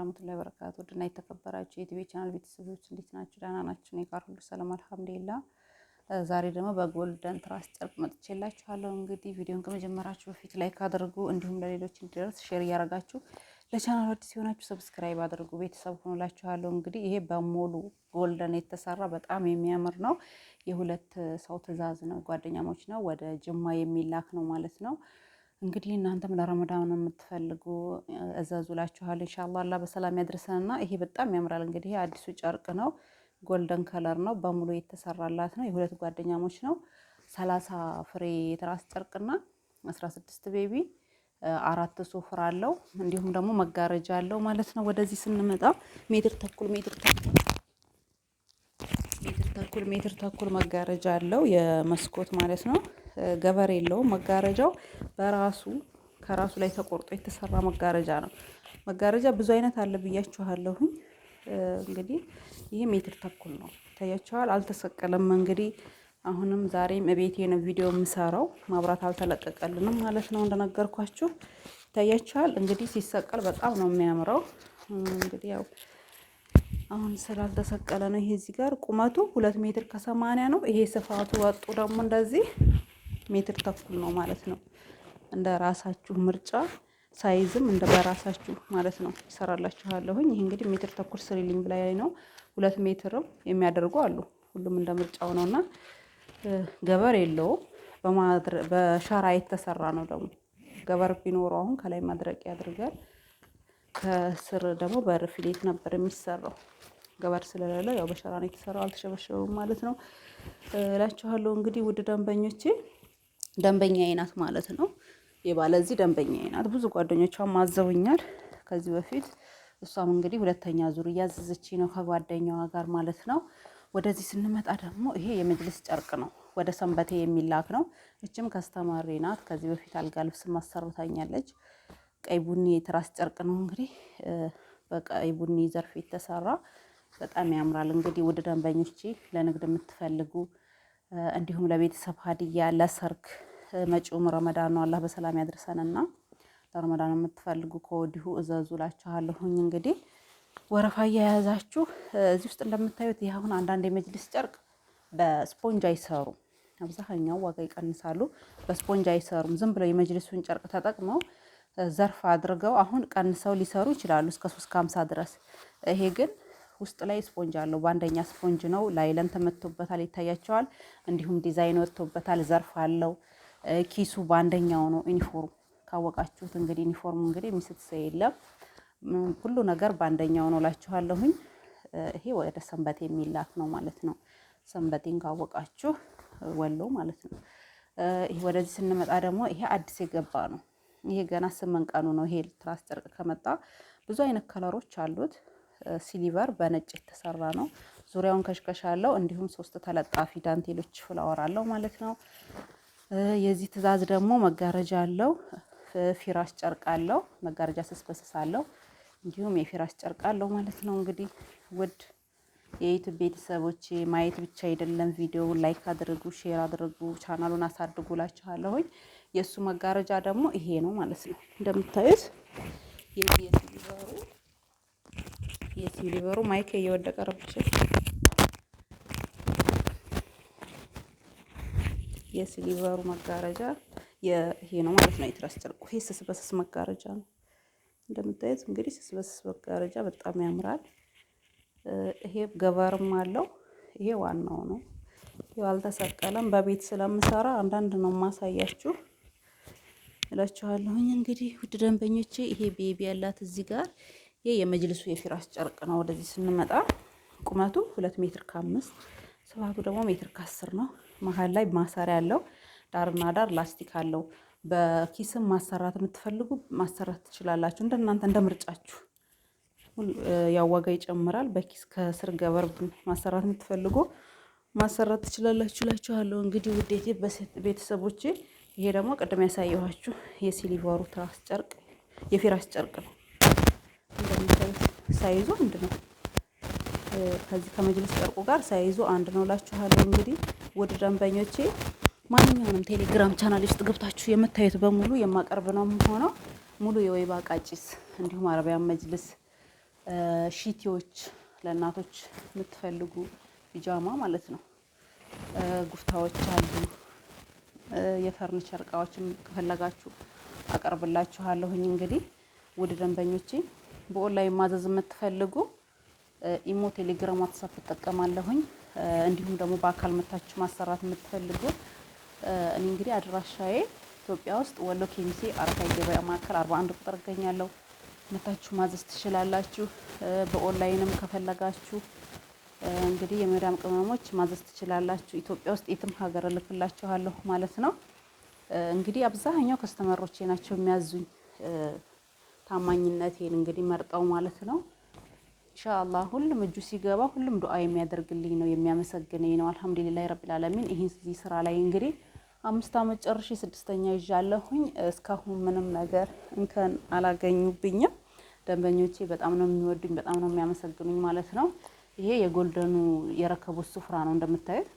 ረመቱላሂ በረካቱ ድና የተከበራችሁ የዩቲዩብ ቻናል ቤተሰቦች እንዴት ናችሁ? ደህና ናችሁ? እኔ ጋር ሁሉ ሰላም አልሐምዱሊላ። ዛሬ ደግሞ በጎልደን ትራስ ጨርቅ መጥቼላችኋለሁ። እንግዲህ ቪዲዮን ከመጀመራችሁ በፊት ላይክ አድርጉ፣ እንዲሁም ለሌሎች እንዲደርስ ሼር እያደረጋችሁ ለቻናል አዲስ የሆናችሁ ሰብስክራይብ አድርጉ። ቤተሰብ ሆኖላችኋለሁ። እንግዲህ ይሄ በሙሉ ጎልደን የተሰራ በጣም የሚያምር ነው። የሁለት ሰው ትዕዛዝ ነው፣ ጓደኛሞች ነው፣ ወደ ጅማ የሚላክ ነው ማለት ነው። እንግዲህ እናንተም ለረመዳን የምትፈልጉ እዘዙላችኋል። ኢንሻአላህ አላህ በሰላም ያድርሰንና ይሄ በጣም ያምራል። እንግዲህ አዲሱ ጨርቅ ነው፣ ጎልደን ከለር ነው፣ በሙሉ የተሰራላት ነው። የሁለት ጓደኛሞች ነው። ሰላሳ ፍሬ የትራስ ጨርቅና አስራ ስድስት ቤቢ አራት ሶፍራ አለው እንዲሁም ደግሞ መጋረጃ አለው ማለት ነው። ወደዚህ ስንመጣ ሜትር ተኩል ሜትር ተኩል ሜትር ተኩል ሜትር ተኩል መጋረጃ አለው የመስኮት ማለት ነው። ገበር የለውም። መጋረጃው በራሱ ከራሱ ላይ ተቆርጦ የተሰራ መጋረጃ ነው። መጋረጃ ብዙ አይነት አለ ብያችኋለሁኝ። እንግዲህ ይህ ሜትር ተኩል ነው ይታያችኋል። አልተሰቀለም። እንግዲህ አሁንም ዛሬም እቤቴ ነው ቪዲዮ የምሰራው። ማብራት አልተለቀቀልንም ማለት ነው እንደነገርኳችሁ ይታያችኋል። እንግዲህ ሲሰቀል በጣም ነው የሚያምረው። እንግዲህ ያው አሁን ስላልተሰቀለ ነው። ይሄ እዚህ ጋር ቁመቱ ሁለት ሜትር ከሰማንያ ነው። ይሄ ስፋቱ ወጡ ደግሞ እንደዚህ ሜትር ተኩል ነው ማለት ነው። እንደ ራሳችሁ ምርጫ ሳይዝም እንደ በራሳችሁ ማለት ነው ይሰራላችኋለሁኝ። ይህ እንግዲህ ሜትር ተኩል ስሪልኝ ላይ ነው ሁለት ሜትርም የሚያደርጉ አሉ። ሁሉም እንደ ምርጫው ነው እና ገበር የለውም በሸራ የተሰራ ነው። ደግሞ ገበር ቢኖረው አሁን ከላይ ማድረቂያ ያድርጋል። ከስር ደግሞ በርፊሌት ነበር የሚሰራው። ገበር ስለሌለ ያው በሸራ ነው የተሰራው። አልተሸበሸበም ማለት ነው እላችኋለሁ። እንግዲህ ውድ ደንበኞቼ ደንበኛዬ ናት ማለት ነው። የባለዚህ ደንበኛዬ ናት። ብዙ ጓደኞቿም አዘውኛል ከዚህ በፊት። እሷም እንግዲህ ሁለተኛ ዙር እያዘዘች ነው ከጓደኛዋ ጋር ማለት ነው። ወደዚህ ስንመጣ ደግሞ ይሄ የመጅልስ ጨርቅ ነው፣ ወደ ሰንበቴ የሚላክ ነው። እችም ከስተማሪ ናት። ከዚህ በፊት አልጋ ልብስ ማሰርታኛለች። ቀይ ቡኒ የትራስ ጨርቅ ነው እንግዲህ በቀይ ቡኒ ዘርፍ የተሰራ በጣም ያምራል። እንግዲህ ውድ ደንበኞች ለንግድ የምትፈልጉ እንዲሁም ለቤተሰብ ሀዲያ፣ ለሰርግ መጪውም ረመዳን ነው። አላህ በሰላም ያድርሰንና ለረመዳን የምትፈልጉ ከወዲሁ እዘዙ ላችኋለሁኝ። እንግዲህ ወረፋ እየያዛችሁ እዚህ ውስጥ እንደምታዩት ይህ አሁን አንዳንድ የመጅልስ ጨርቅ በስፖንጅ አይሰሩም። አብዛኛው ዋጋ ይቀንሳሉ። በስፖንጅ አይሰሩም። ዝም ብለው የመጅልሱን ጨርቅ ተጠቅመው ዘርፍ አድርገው አሁን ቀንሰው ሊሰሩ ይችላሉ እስከ ሶስት ከሀምሳ ድረስ ይሄ ግን ውስጥ ላይ ስፖንጅ አለው። በአንደኛ ስፖንጅ ነው። ላይለን ተመቶበታል፣ ይታያቸዋል። እንዲሁም ዲዛይን ወጥቶበታል። ዘርፍ አለው። ኪሱ በአንደኛው ነው። ዩኒፎርም ካወቃችሁት እንግዲህ ዩኒፎርም እንግዲህ የሚስት ሰው የለም። ሁሉ ነገር በአንደኛው ነው እላችኋለሁኝ። ይሄ ወደ ሰንበቴ የሚላክ ነው ማለት ነው። ሰንበቴን ካወቃችሁ ወሎ ማለት ነው። ይሄ ወደዚህ ስንመጣ ደግሞ ይሄ አዲስ የገባ ነው። ይሄ ገና ስምንት ቀኑ ነው። ይሄ ትራስ ጨርቅ ከመጣ ብዙ አይነት ከለሮች አሉት። ሲሊቨር በነጭ የተሰራ ነው። ዙሪያውን ከሽከሽ አለው። እንዲሁም ሶስት ተለጣፊ ዳንቴሎች ፍላወር አለው ማለት ነው። የዚህ ትዕዛዝ ደግሞ መጋረጃ አለው። ፊራሽ ጨርቅ አለው። መጋረጃ ስስበስስ አለው። እንዲሁም የፊራሽ ጨርቅ አለው ማለት ነው። እንግዲህ ውድ የዩቱብ ቤተሰቦች ማየት ብቻ አይደለም፣ ቪዲዮ ላይክ አድርጉ፣ ሼር አድርጉ፣ ቻናሉን አሳድጉ ላችኋለሁኝ። የእሱ መጋረጃ ደግሞ ይሄ ነው ማለት ነው። እንደምታዩት የሲሊቨሩ የዚህ ሊበሩ ማይክ እየወደቀ ረብሽ የስሊቨሩ መጋረጃ ይሄ ነው ማለት ነው። የትራስ ጨርቁ ይሄ ስስ በስስ መጋረጃ ነው እንደምታዩት። እንግዲህ ስስ በስስ መጋረጃ በጣም ያምራል። ይሄ ገበርም አለው። ይሄ ዋናው ነው። ይኸው አልተሰቀለም። በቤት ስለምሰራ አንዳንድ ነው ማሳያችሁ እላችኋለሁኝ። እንግዲህ ውድ ደንበኞቼ ይሄ ቤቢ ያላት እዚህ ጋር ይህ የመጅልሱ የፊራስ ጨርቅ ነው። ወደዚህ ስንመጣ ቁመቱ ሁለት ሜትር ከአምስት ስፋቱ ደግሞ ሜትር ከአስር ነው። መሀል ላይ ማሰሪያ ያለው ዳርና ዳር ላስቲክ አለው። በኪስም ማሰራት የምትፈልጉ ማሰራት ትችላላችሁ። እንደናንተ እንደ ምርጫችሁ። ያው ዋጋ ይጨምራል። በኪስ ከስር ገበር ማሰራት የምትፈልጉ ማሰራት ትችላላችሁ እላችኋለሁ። እንግዲህ ውዴቴ ቤተሰቦቼ፣ ይሄ ደግሞ ቅድም ያሳየኋችሁ የሲሊቨሩ ትራስ ጨርቅ የፊራስ ጨርቅ ነው። እንደምታዩት ሳይዙ አንድ ነው። ከዚህ ከመጅልስ ጨርቁ ጋር ሳይዙ አንድ ነው ላችኋለሁ። እንግዲህ ውድ ደንበኞቼ ማንኛውንም ቴሌግራም ቻናል ውስጥ ገብታችሁ የምታዩት በሙሉ የማቀርብ ነው ሆነው ሙሉ የወይባ ቃጭስ እንዲሁም አረቢያን መጅልስ ሺቲዎች ለእናቶች የምትፈልጉ ቢጃማ ማለት ነው። ጉፍታዎች አሉ። የፈርኒቸር እቃዎችን ከፈለጋችሁ አቀርብላችኋለሁኝ። እንግዲህ ውድ ደንበኞቼ በኦንላይን ማዘዝ የምትፈልጉ ኢሞ፣ ቴሌግራም፣ ዋትሳፕ ትጠቀማለሁኝ። እንዲሁም ደግሞ በአካል መታችሁ ማሰራት የምትፈልጉ እኔ እንግዲህ አድራሻዬ ኢትዮጵያ ውስጥ ወሎ ኬሚሴ አረፋይ ገበያ ማዕከል 41 ቁጥር እገኛለሁ። መታችሁ ማዘዝ ትችላላችሁ። በኦንላይንም ከፈለጋችሁ እንግዲህ የመዳም ቅመሞች ማዘዝ ትችላላችሁ። ኢትዮጵያ ውስጥ የትም ሀገር እልክላችኋለሁ ማለት ነው። እንግዲህ አብዛኛው ከስተመሮቼ ናቸው የሚያዙኝ። ታማኝነቴን እንግዲህ መርጠው ማለት ነው። ኢንሻአላህ ሁሉም እጁ ሲገባ ሁሉም ዱዓ የሚያደርግልኝ ነው የሚያመሰግነኝ ነው። አልሐምዱሊላህ ረብል ዓለሚን። ይሄን እዚህ ስራ ላይ እንግዲህ አምስት አመት ጨርሼ ስድስተኛ ይዣለሁኝ። እስካሁን ምንም ነገር እንከን አላገኙብኝም። ደንበኞቼ በጣም ነው የሚወዱኝ፣ በጣም ነው የሚያመሰግኑኝ ማለት ነው። ይሄ የጎልደኑ የረከቡ ስፍራ ነው እንደምታዩት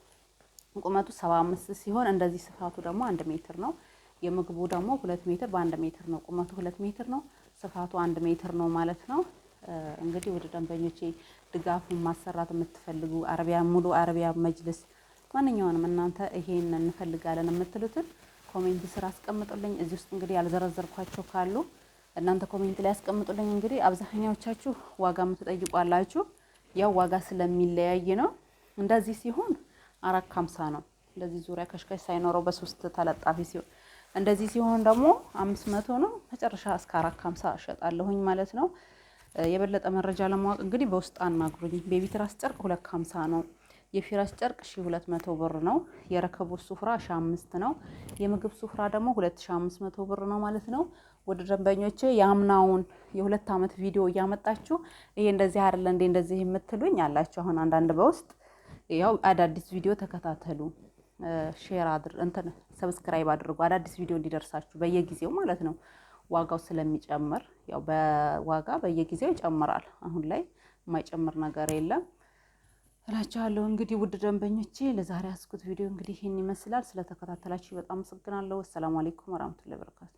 ቁመቱ ሰባ አምስት ሲሆን እንደዚህ ስፋቱ ደግሞ አንድ ሜትር ነው። የምግቡ ደግሞ ሁለት ሜትር በአንድ ሜትር ነው። ቁመቱ ሁለት ሜትር ነው። ስፋቱ አንድ ሜትር ነው ማለት ነው። እንግዲህ ወደ ደንበኞቼ ድጋፉን ማሰራት የምትፈልጉ አረቢያ ሙሉ አረቢያ መጅልስ ማንኛውንም እናንተ ይሄን እንፈልጋለን የምትሉትን ኮሜንት ስራ አስቀምጡልኝ። እዚህ ውስጥ እንግዲህ ያልዘረዘርኳቸው ካሉ እናንተ ኮሜንት ላይ አስቀምጡልኝ። እንግዲህ አብዛኛዎቻችሁ ዋጋ የምትጠይቋላችሁ ያው ዋጋ ስለሚለያይ ነው። እንደዚህ ሲሆን አራት ከሀምሳ ነው። እንደዚህ ዙሪያ ከሽከሽ ሳይኖረው በሶስት ተለጣፊ ሲሆን እንደዚህ ሲሆን ደግሞ አምስት መቶ ነው። መጨረሻ እስከ አራት ሀምሳ እሸጣለሁኝ ማለት ነው። የበለጠ መረጃ ለማወቅ እንግዲህ በውስጥ አናግሩኝ። ቤቢ ትራስ ጨርቅ ሁለት ሀምሳ ነው። የፊራስ ጨርቅ ሺ ሁለት መቶ ብር ነው። የረከቦት ሱፍራ ሺ አምስት ነው። የምግብ ሱፍራ ደግሞ ሁለት ሺ አምስት መቶ ብር ነው ማለት ነው። ወደ ደንበኞቼ የአምናውን የሁለት አመት ቪዲዮ እያመጣችሁ ይሄ እንደዚህ አይደለ እንዴ እንደዚህ የምትሉኝ አላችሁ። አሁን አንዳንድ በውስጥ ያው አዳዲስ ቪዲዮ ተከታተሉ ሼር አድር እንትን ሰብስክራይብ አድርጉ አዳዲስ ቪዲዮ እንዲደርሳችሁ በየጊዜው ማለት ነው። ዋጋው ስለሚጨምር ያው በዋጋ በየጊዜው ይጨምራል። አሁን ላይ የማይጨምር ነገር የለም እላችኋለሁ። እንግዲህ ውድ ደንበኞቼ ለዛሬ አስኩት ቪዲዮ እንግዲህ ይህን ይመስላል። ስለተከታተላችሁ በጣም አመሰግናለሁ። አሰላሙ አሌይኩም ወራህመቱላሂ ወበረካቱ